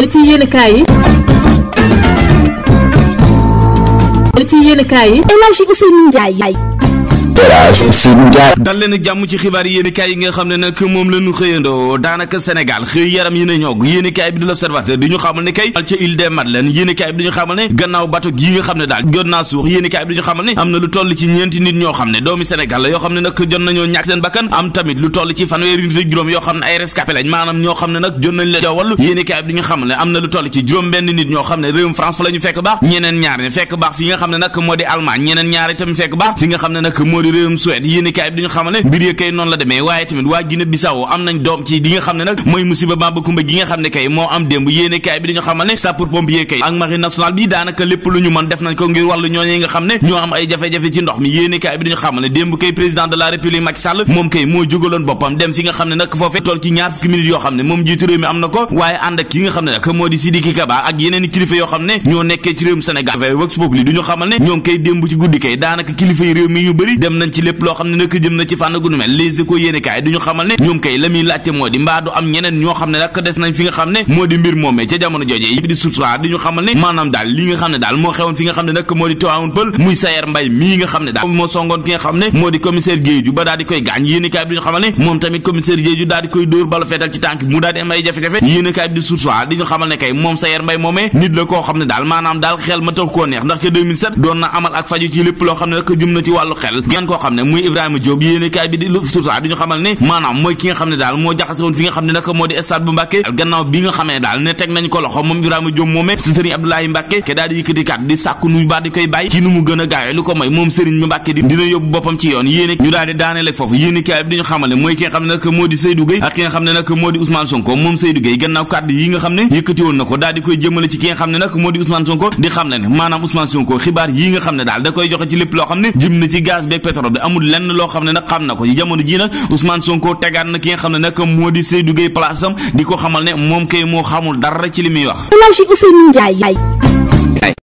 li ci yenn kaay yi li ci yenn yi El Hadji Elhadji Ousseynou Ndiaye dal leen ak jàmm ci xibaar yi yéenekaay yi nga xam ne nag moom la ñu xëyandoo daanaka Sénégal xëy yaram yi ne ñoog yéenekaay bi di l'Observateur xamal ne kay al nga xamal ne am jot nañoo leen ca wàllu bi di ñu xamal ne am na lu toll ci juróom benn nit ñoo xam ne réewum France fa la fekk baax ñeneen ñaar ñi fekk baax fi nga xam ne nag moo di réewum Suède yéen kaay bi dañu xamal ne mbir ya kay noonu la demee waaye am ne nag moo am démb yéen kaay bi dañu xamal ne sapeur pompier lu ñu mën def nañ ko ngir wàllu ñooñee nga xam ne ñoo am ay jafe-jafe ci ndox mi yéen kaay bi dañu xamal la république Macky Sall moom kay moo jógaloon boppam dem fi nga xam ne nag foofee toll ci ñaar fukki minutes yoo xam ne moom jiitu réew mi am na ko waaye ànd ak ki nga xam ne nag moo di Sidiki Kaba ak yeneen kilifa yoo xam ne ñoo nekkee ci réewum Sénégal vox populi duñu xamal ne ñoom kay démb ci guddi kay daanaka kilifa yi réew mi ñu bëri gërëm nañ ci lépp loo xam ne nak jëm na ci fànn gu nu mel Les Échos yéenekaay du ñu xamal ne ñoom kay la muy laajte moo di mbaa du am ñeneen ñoo xam ne nag des nañ fi nga doon na amal ak faju ci lépp loo xam ne nag jëm na ci wàllu xel keneen koo xam ne muy Ibrahima Diop yéene kaay bi di lu di ñu xamal ne maanaam mooy Sonko moom Seydou nga xam ne daal di koy jëmale ci ki nga xam ne nag moo di Ousmane Sonko di xam ne ne maanaam Ousmane Sonko xibaar yi nga xam ne daal da koy joxe ci lépp loo xam ne jëm na ci gaz beeg pétrole bi amul lenn loo xam ne nag xam na ko ci jamono ji nag Ousmane Sonko tegaat na ki nga xam ne nag moo di Seydou Gueye place am di ko xamal ne moom kay moo xamul dara ci li muy wax.